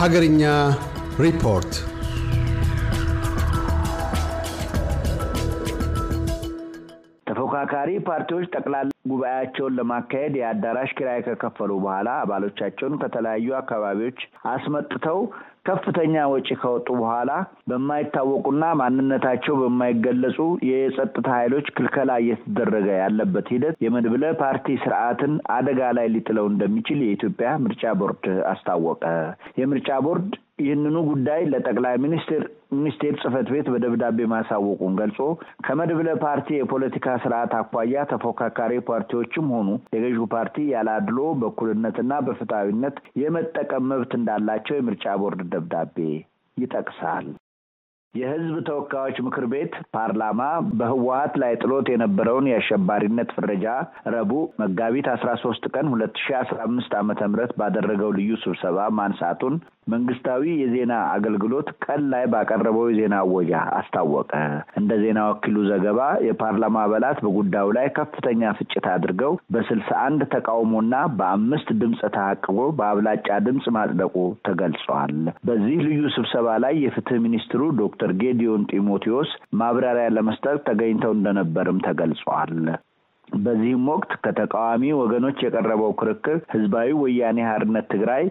ሀገርኛ ሪፖርት ተፎካካሪ ፓርቲዎች ጠቅላላ ጉባኤያቸውን ለማካሄድ የአዳራሽ ኪራይ ከከፈሉ በኋላ አባሎቻቸውን ከተለያዩ አካባቢዎች አስመጥተው ከፍተኛ ወጪ ከወጡ በኋላ በማይታወቁና ማንነታቸው በማይገለጹ የጸጥታ ኃይሎች ክልከላ እየተደረገ ያለበት ሂደት የመድብለ ፓርቲ ስርዓትን አደጋ ላይ ሊጥለው እንደሚችል የኢትዮጵያ ምርጫ ቦርድ አስታወቀ። የምርጫ ቦርድ ይህንኑ ጉዳይ ለጠቅላይ ሚኒስትር ሚኒስቴር ጽህፈት ቤት በደብዳቤ ማሳወቁን ገልጾ ከመድብለ ፓርቲ የፖለቲካ ስርዓት አኳያ ተፎካካሪ ፓርቲዎችም ሆኑ የገዢው ፓርቲ ያላድሎ በኩልነትና በፍትሐዊነት የመጠቀም መብት እንዳላቸው የምርጫ ቦርድ ደብዳቤ ይጠቅሳል። የህዝብ ተወካዮች ምክር ቤት ፓርላማ በህወሀት ላይ ጥሎት የነበረውን የአሸባሪነት ፍረጃ ረቡዕ መጋቢት አስራ ሶስት ቀን ሁለት ሺ አስራ አምስት ዓመተ ምህረት ባደረገው ልዩ ስብሰባ ማንሳቱን መንግስታዊ የዜና አገልግሎት ቀን ላይ ባቀረበው የዜና አወጃ አስታወቀ። እንደ ዜና ወኪሉ ዘገባ የፓርላማ አባላት በጉዳዩ ላይ ከፍተኛ ፍጭት አድርገው በስልሳ አንድ ተቃውሞና በአምስት ድምፅ ተአቅቦ በአብላጫ ድምፅ ማጽደቁ ተገልጿል። በዚህ ልዩ ስብሰባ ላይ የፍትህ ሚኒስትሩ ዶክተር ዶክተር ጌዲዮን ጢሞቴዎስ ማብራሪያ ለመስጠት ተገኝተው እንደነበርም ተገልጿል። በዚህም ወቅት ከተቃዋሚ ወገኖች የቀረበው ክርክር ህዝባዊ ወያኔ ሀርነት ትግራይ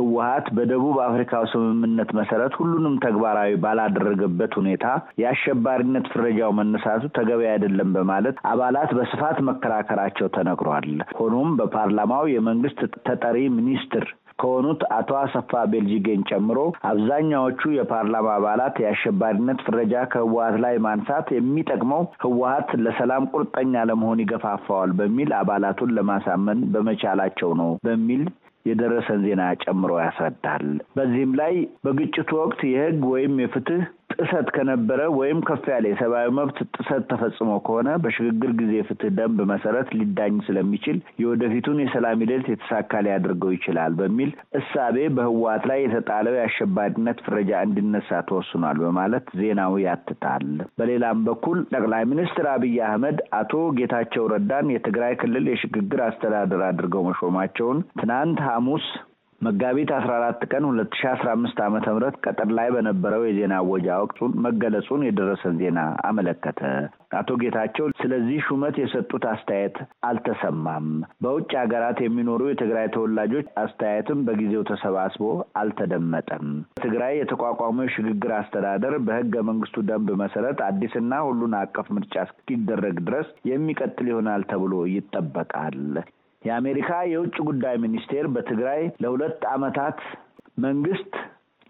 ህወሀት በደቡብ አፍሪካው ስምምነት መሰረት ሁሉንም ተግባራዊ ባላደረገበት ሁኔታ የአሸባሪነት ፍረጃው መነሳቱ ተገቢ አይደለም በማለት አባላት በስፋት መከራከራቸው ተነግሯል። ሆኖም በፓርላማው የመንግስት ተጠሪ ሚኒስትር ከሆኑት አቶ አሰፋ ቤልጂጌን ጨምሮ አብዛኛዎቹ የፓርላማ አባላት የአሸባሪነት ፍረጃ ከህወሀት ላይ ማንሳት የሚጠቅመው ህወሀት ለሰላም ቁርጠኛ ለመሆን ይገፋፋዋል በሚል አባላቱን ለማሳመን በመቻላቸው ነው በሚል የደረሰን ዜና ጨምሮ ያስረዳል። በዚህም ላይ በግጭቱ ወቅት የህግ ወይም የፍትህ ጥሰት ከነበረ ወይም ከፍ ያለ የሰብአዊ መብት ጥሰት ተፈጽሞ ከሆነ በሽግግር ጊዜ ፍትህ ደንብ መሰረት ሊዳኝ ስለሚችል የወደፊቱን የሰላም ሂደት የተሳካ ሊያደርገው ይችላል በሚል እሳቤ በህወሓት ላይ የተጣለው የአሸባሪነት ፍረጃ እንዲነሳ ተወስኗል በማለት ዜናው ያትታል። በሌላም በኩል ጠቅላይ ሚኒስትር አብይ አህመድ አቶ ጌታቸው ረዳን የትግራይ ክልል የሽግግር አስተዳደር አድርገው መሾማቸውን ትናንት ሐሙስ መጋቢት 14 ቀን 2015 ዓ.ም ቀጥር ላይ በነበረው የዜና አወጃ ወቅቱን መገለጹን የደረሰን ዜና አመለከተ። አቶ ጌታቸው ስለዚህ ሹመት የሰጡት አስተያየት አልተሰማም። በውጭ ሀገራት የሚኖሩ የትግራይ ተወላጆች አስተያየትም በጊዜው ተሰባስቦ አልተደመጠም። በትግራይ የተቋቋመው የሽግግር አስተዳደር በህገ መንግስቱ ደንብ መሰረት አዲስና ሁሉን አቀፍ ምርጫ እስኪደረግ ድረስ የሚቀጥል ይሆናል ተብሎ ይጠበቃል። የአሜሪካ የውጭ ጉዳይ ሚኒስቴር በትግራይ ለሁለት ዓመታት መንግስት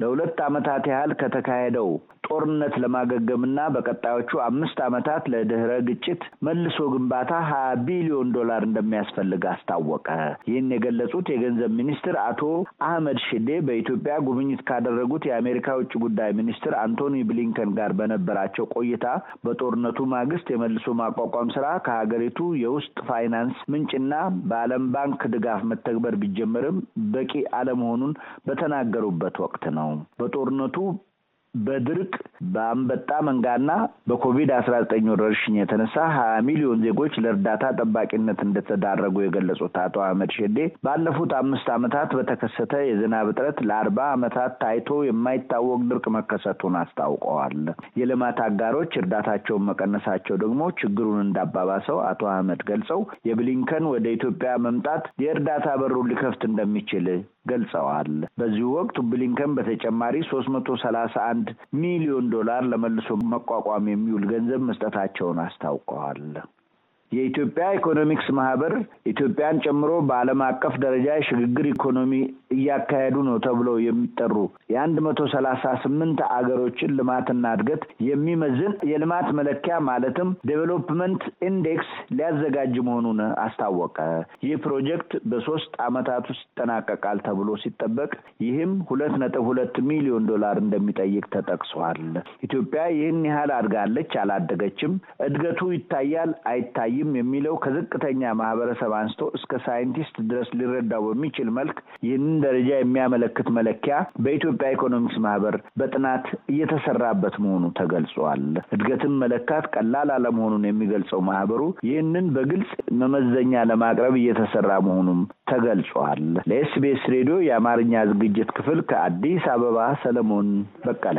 ለሁለት ዓመታት ያህል ከተካሄደው ጦርነት ለማገገምና በቀጣዮቹ አምስት ዓመታት ለድህረ ግጭት መልሶ ግንባታ ሀያ ቢሊዮን ዶላር እንደሚያስፈልግ አስታወቀ። ይህን የገለጹት የገንዘብ ሚኒስትር አቶ አህመድ ሽዴ በኢትዮጵያ ጉብኝት ካደረጉት የአሜሪካ ውጭ ጉዳይ ሚኒስትር አንቶኒ ብሊንከን ጋር በነበራቸው ቆይታ በጦርነቱ ማግስት የመልሶ ማቋቋም ስራ ከሀገሪቱ የውስጥ ፋይናንስ ምንጭና በዓለም ባንክ ድጋፍ መተግበር ቢጀመርም በቂ አለመሆኑን በተናገሩበት ወቅት ነው። ነው። በጦርነቱ በድርቅ በአንበጣ መንጋና በኮቪድ አስራ ዘጠኝ ወረርሽኝ የተነሳ ሀያ ሚሊዮን ዜጎች ለእርዳታ ጠባቂነት እንደተዳረጉ የገለጹት አቶ አህመድ ሼዴ ባለፉት አምስት ዓመታት በተከሰተ የዝናብ እጥረት ለአርባ ዓመታት ታይቶ የማይታወቅ ድርቅ መከሰቱን አስታውቀዋል። የልማት አጋሮች እርዳታቸውን መቀነሳቸው ደግሞ ችግሩን እንዳባባሰው አቶ አህመድ ገልጸው የብሊንከን ወደ ኢትዮጵያ መምጣት የእርዳታ በሩን ሊከፍት እንደሚችል ገልጸዋል። በዚሁ ወቅት ብሊንከን በተጨማሪ ሶስት መቶ ሰላሳ አንድ ሚሊዮን ዶላር ለመልሶ መቋቋም የሚውል ገንዘብ መስጠታቸውን አስታውቀዋል። የኢትዮጵያ ኢኮኖሚክስ ማህበር ኢትዮጵያን ጨምሮ በዓለም አቀፍ ደረጃ የሽግግር ኢኮኖሚ እያካሄዱ ነው ተብለው የሚጠሩ የአንድ መቶ ሰላሳ ስምንት አገሮችን ልማትና እድገት የሚመዝን የልማት መለኪያ ማለትም ዴቨሎፕመንት ኢንዴክስ ሊያዘጋጅ መሆኑን አስታወቀ። ይህ ፕሮጀክት በሶስት ዓመታት ውስጥ ይጠናቀቃል ተብሎ ሲጠበቅ ይህም ሁለት ነጥብ ሁለት ሚሊዮን ዶላር እንደሚጠይቅ ተጠቅሷል። ኢትዮጵያ ይህን ያህል አድጋለች አላደገችም፣ እድገቱ ይታያል አይታይም አይለይም የሚለው ከዝቅተኛ ማህበረሰብ አንስቶ እስከ ሳይንቲስት ድረስ ሊረዳው በሚችል መልክ ይህንን ደረጃ የሚያመለክት መለኪያ በኢትዮጵያ ኢኮኖሚክስ ማህበር በጥናት እየተሰራበት መሆኑ ተገልጿል። እድገትን መለካት ቀላል አለመሆኑን የሚገልጸው ማህበሩ ይህንን በግልጽ መመዘኛ ለማቅረብ እየተሰራ መሆኑም ተገልጿል። ለኤስቢኤስ ሬዲዮ የአማርኛ ዝግጅት ክፍል ከአዲስ አበባ ሰለሞን በቀለ